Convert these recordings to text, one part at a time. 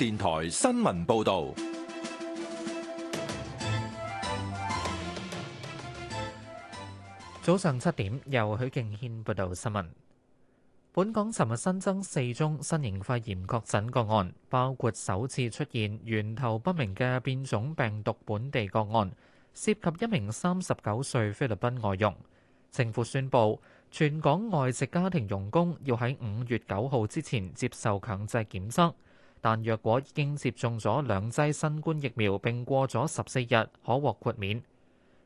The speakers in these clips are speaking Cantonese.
電台新聞報道，早上七點由許敬軒報道新聞。本港尋日新增四宗新型肺炎確診個案，包括首次出現源頭不明嘅變種病毒本地個案，涉及一名三十九歲菲律賓外傭。政府宣布，全港外籍家庭傭工要喺五月九號之前接受強制檢測。但若果已經接種咗兩劑新冠疫苗並過咗十四日，可獲豁免。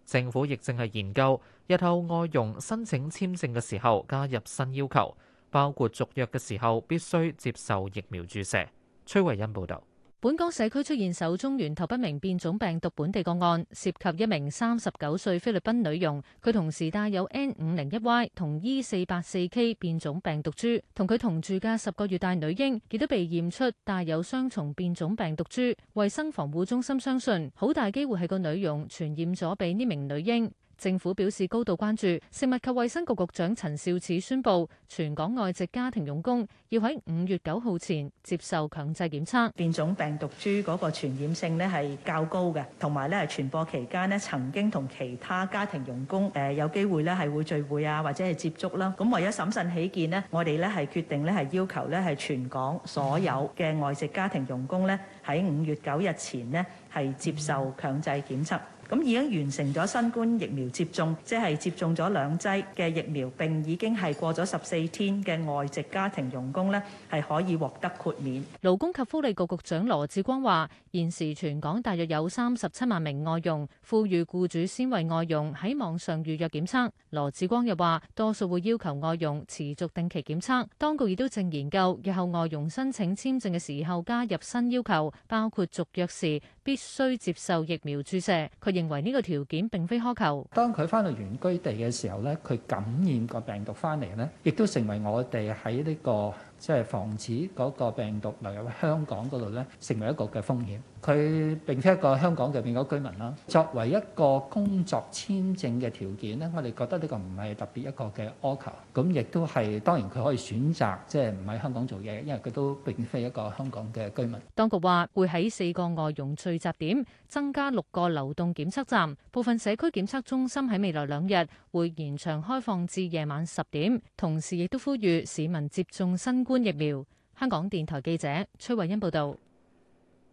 政府亦正係研究日後外傭申請簽證嘅時候加入新要求，包括續約嘅時候必須接受疫苗注射。崔慧恩報道。本港社區出現首宗源頭不明變種病毒本地個案，涉及一名三十九歲菲律賓女傭，佢同時帶有 N 五零一 Y 同 E 四八四 K 變種病毒株，同佢同住嘅十個月大女嬰亦都被驗出帶有雙重變種病毒株。衞生防護中心相信，好大機會係個女傭傳染咗俾呢名女嬰。政府表示高度關注，食物及衛生局局長陳肇始宣布，全港外籍家庭傭工要喺五月九號前接受強制檢測。變種病毒株嗰個傳染性呢係較高嘅，同埋咧係傳播期間呢曾經同其他家庭傭工誒有機會咧係會聚會啊或者係接觸啦。咁為咗審慎起見呢，我哋咧係決定咧係要求咧係全港所有嘅外籍家庭傭工咧喺五月九日前呢係接受強制檢測。咁已經完成咗新冠疫苗接種，即係接種咗兩劑嘅疫苗，並已經係過咗十四天嘅外籍家庭傭工，工咧，係可以獲得豁免。勞工及福利局局長羅志光話，現時全港大約有三十七萬名外傭，呼籲僱主先為外傭喺網上預約檢測。羅志光又話，多數會要求外傭持續定期檢測，當局亦都正研究，以後外傭申請簽證嘅時候加入新要求，包括續約時，必須接受疫苗注射，佢認為呢個條件並非苛求。當佢返到原居地嘅時候咧，佢感染個病毒返嚟咧，亦都成為我哋喺呢個。即係防止嗰個病毒流入香港嗰度咧，成為一個嘅風險。佢並非一個香港入面嗰居民啦，作為一個工作簽證嘅條件咧，我哋覺得呢個唔係特別一個嘅要求。咁亦都係當然佢可以選擇即係唔喺香港做嘢，因為佢都並非一個香港嘅居民。當局話會喺四個外傭聚集點增加六個流動檢測站，部分社區檢測中心喺未來兩日會延長開放至夜晚十點，同時亦都呼籲市民接種新。冠疫苗，香港電台記者崔慧欣報道，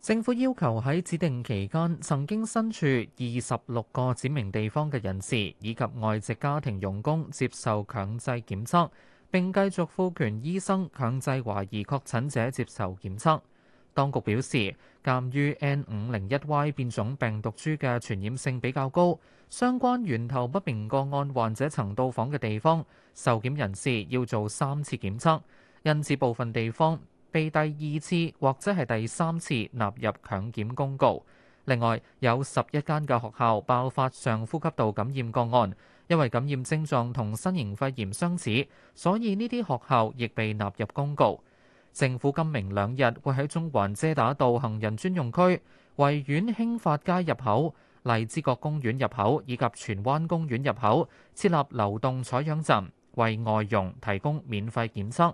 政府要求喺指定期間曾經身處二十六個指明地方嘅人士，以及外籍家庭傭工接受強制檢測，並繼續賦權醫生強制懷疑確診者接受檢測。當局表示，鑒於 N 五零一 Y 變種病毒株嘅傳染性比較高，相關源頭不明個案患者曾到訪嘅地方，受檢人士要做三次檢測。因此，部分地方被第二次或者係第三次納入強檢公告。另外，有十一間嘅學校爆發上呼吸道感染個案，因為感染症狀同新型肺炎相似，所以呢啲學校亦被納入公告。政府今明兩日會喺中環遮打道行人專用區、維園興發街入口、荔枝角公園入口以及荃灣公園入口設立流動採樣站，為外傭提供免費檢測。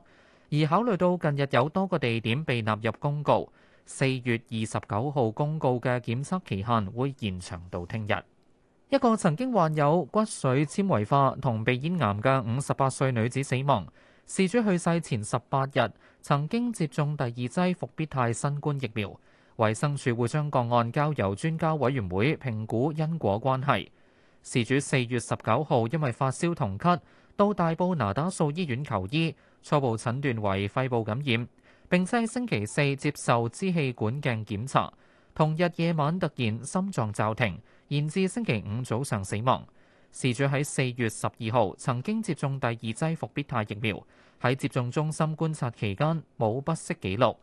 而考慮到近日有多個地點被納入公告，四月二十九號公告嘅檢測期限會延長到聽日。一個曾經患有骨髓纖維化同鼻咽癌嘅五十八歲女子死亡。事主去世前十八日曾經接種第二劑復必泰新冠疫苗。衛生署會將個案交由專家委員會評估因果關係。事主四月十九號因為發燒同咳，到大埔拿打素醫院求醫，初步診斷為肺部感染，並在星期四接受支氣管鏡檢查。同日夜晚突然心臟驟停，延至星期五早上死亡。事主喺四月十二號曾經接種第二劑復必泰疫苗，喺接種中心觀察期間冇不適記錄。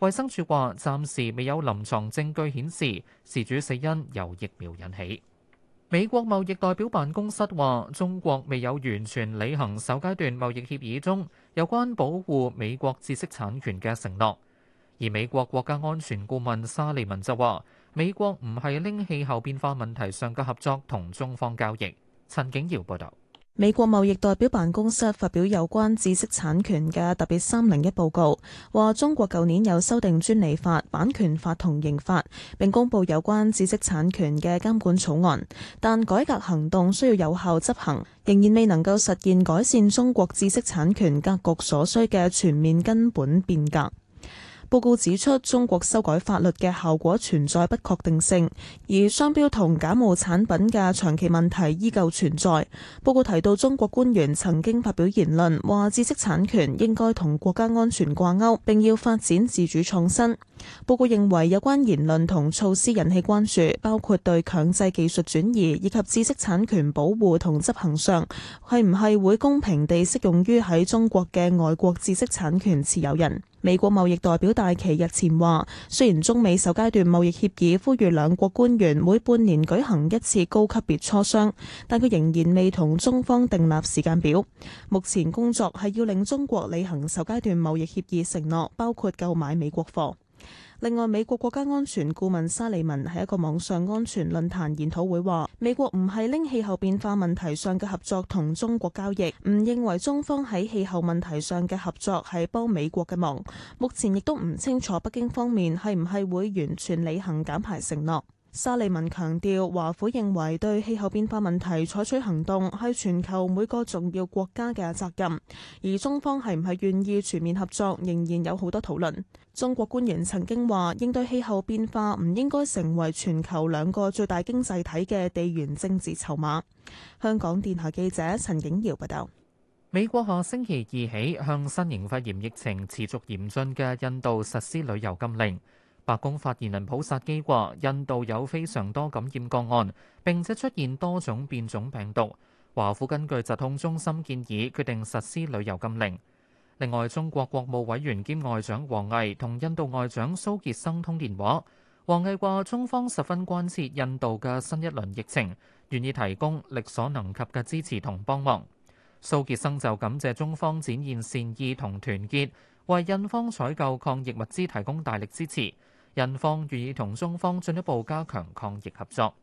衛生署話，暫時未有臨床證據顯示事主死因由疫苗引起。美國貿易代表辦公室話：中國未有完全履行首階段貿易協議中有關保護美國知識產權嘅承諾。而美國國家安全顧問沙利文就話：美國唔係拎氣候變化問題上嘅合作同中方交易。陳景堯報道。美國貿易代表辦公室發表有關知識產權嘅特別三零一報告，話中國舊年有修訂專利法、版權法同刑法，並公布有關知識產權嘅監管草案。但改革行動需要有效執行，仍然未能夠實現改善中國知識產權格局所需嘅全面根本變革。報告指出，中國修改法律嘅效果存在不確定性，而商標同假冒產品嘅長期問題依舊存在。報告提到，中國官員曾經發表言論，話知識產權應該同國家安全掛鈎，並要發展自主創新。報告認為，有關言論同措施引起關注，包括對強制技術轉移以及知識產權保護同執行上，係唔係會公平地適用於喺中國嘅外國知識產權持有人？美國貿易代表戴琪日前話，雖然中美首階段貿易協議呼籲兩國官員每半年舉行一次高級別磋商，但佢仍然未同中方訂立時間表。目前工作係要令中國履行首階段貿易協議承諾，包括購買美國貨。另外，美國國家安全顧問沙利文喺一個網上安全論壇研討會話：美國唔係拎氣候變化問題上嘅合作同中國交易，唔認為中方喺氣候問題上嘅合作係幫美國嘅忙。目前亦都唔清楚北京方面係唔係會完全履行減排承諾。沙利文強調，華府認為對氣候變化問題採取行動係全球每個重要國家嘅責任，而中方係唔係願意全面合作，仍然有好多討論。中國官員曾經話，應對氣候變化唔應該成為全球兩個最大經濟體嘅地緣政治籌碼。香港電台記者陳景堯報道，美國下星期二起向新型肺炎疫情持續嚴峻嘅印度實施旅遊禁令。白宮發言人普薩基話：印度有非常多感染個案，並且出現多種變種病毒。華府根據疾控中心建議，決定實施旅遊禁令。另外，中國國務委員兼外長王毅同印度外長蘇傑生通電話。王毅話：中方十分關切印度嘅新一輪疫情，願意提供力所能及嘅支持同幫忙。蘇傑生就感謝中方展現善意同團結，為印方採購抗疫物資提供大力支持。印方願意同中方進一步加強抗疫合作。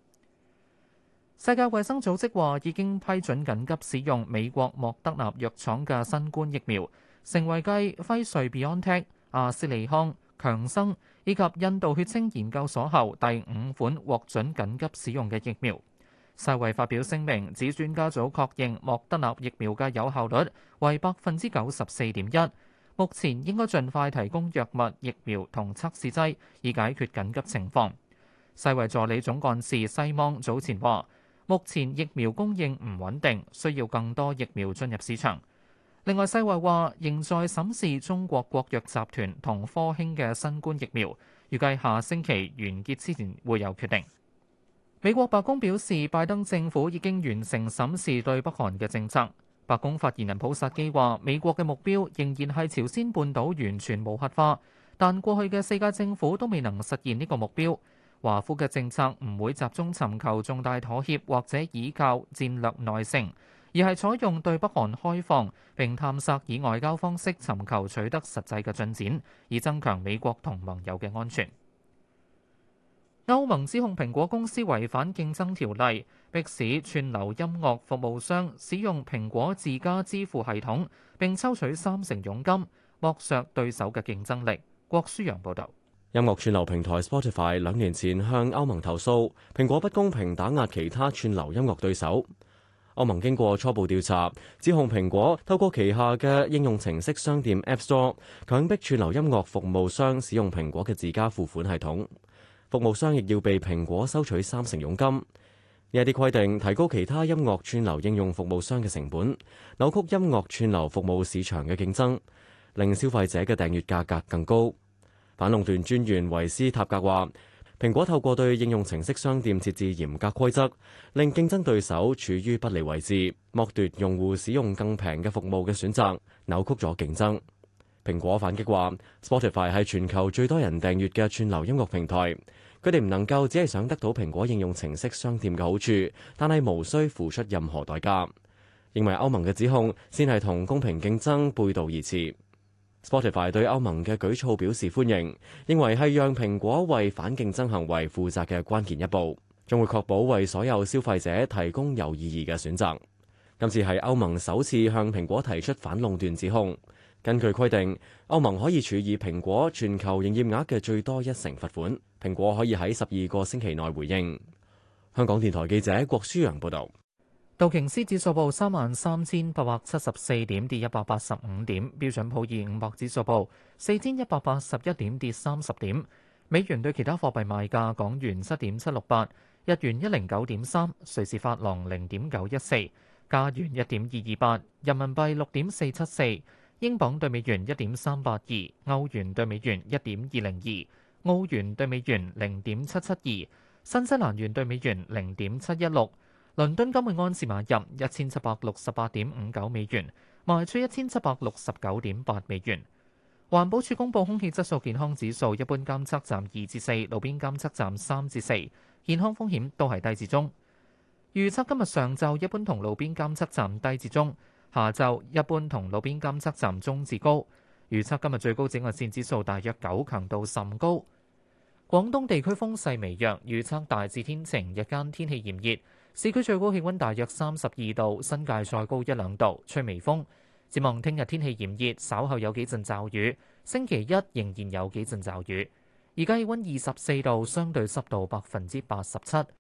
世界衛生組織話已經批准緊急使用美國莫德納藥藥廠嘅新冠疫苗，成為繼輝瑞、BioNTech、阿斯利康、強生以及印度血清研究所後第五款獲准緊急使用嘅疫苗。世衛發表聲明指，專家組確認莫德納疫苗嘅有效率為百分之九十四點一。目前應該盡快提供藥物、疫苗同測試劑，以解決緊急情況。世衛助理總幹事西芒早前話，目前疫苗供應唔穩定，需要更多疫苗進入市場。另外世，世衛話仍在審視中國國藥集團同科興嘅新冠疫苗，預計下星期完結之前會有決定。美國白宮表示，拜登政府已經完成審視對北韓嘅政策。白宮發言人普薩基話，美國嘅目標仍然係朝鮮半島完全無核化，但過去嘅四屆政府都未能實現呢個目標。華府嘅政策唔會集中尋求重大妥協或者倚靠戰略耐性，而係採用對北韓開放，並探索以外交方式尋求取得實際嘅進展，以增強美國同盟友嘅安全。歐盟指控蘋果公司違反競爭條例，迫使串流音樂服務商使用蘋果自家支付系統，並抽取三成佣金，剝削對手嘅競爭力。郭書陽報道。音樂串流平台 Spotify 兩年前向歐盟投訴蘋果不公平打壓其他串流音樂對手。歐盟經過初步調查，指控蘋果透過旗下嘅應用程式商店 App Store 強迫串流音樂服務商使用蘋果嘅自家付款系統。服務商亦要被蘋果收取三成佣金，呢一啲規定提高其他音樂串流應用服務商嘅成本，扭曲音樂串流服務市場嘅競爭，令消費者嘅訂閱價格更高。反壟斷專員維斯塔格話，蘋果透過對應用程式商店設置嚴格規則，令競爭對手處於不利位置，剝奪用戶使用更平嘅服務嘅選擇，扭曲咗競爭。蘋果反擊話，Spotify 係全球最多人訂閱嘅串流音樂平台。佢哋唔能夠只係想得到蘋果應用程式商店嘅好處，但係無需付出任何代價。認為歐盟嘅指控先係同公平競爭背道而馳。Spotify 對歐盟嘅舉措表示歡迎，認為係讓蘋果為反競爭行為負責嘅關鍵一步，將會確保為所有消費者提供有意義嘅選擇。今次係歐盟首次向蘋果提出反壟斷指控。根據規定，歐盟可以處以蘋果全球營業額嘅最多一成罰款。蘋果可以喺十二個星期內回應。香港電台記者郭舒揚報導。道瓊斯指數報三萬三千八百七十四點，跌一百八十五點。標準普爾五百指數報四千一百八十一點，跌三十點。美元對其他貨幣賣價：港元七點七六八，日元一零九點三，瑞士法郎零點九一四，加元一點二二八，人民幣六點四七四。英鎊兌美元一點三八二，歐元兌美元一點二零二，澳元兌美元零點七七二，新西蘭元兌美元零點七一六，倫敦金每安士買入一千七百六十八點五九美元，賣出一千七百六十九點八美元。環保署公布空氣質素健康指數，一般監測站二至四，路邊監測站三至四，健康風險都係低至中。預測今日上晝一般同路邊監測站低至中。下晝一般同路邊監測站中至高，預測今日最高紫外線指數大約九，強度甚高。廣東地區風勢微弱，預測大致天晴，日間天氣炎熱，市區最高氣温大約三十二度，新界再高一兩度，吹微風。展望聽日天氣炎熱，稍後有幾陣驟雨，星期一仍然有幾陣驟雨。而家氣温二十四度，相對濕度百分之八十七。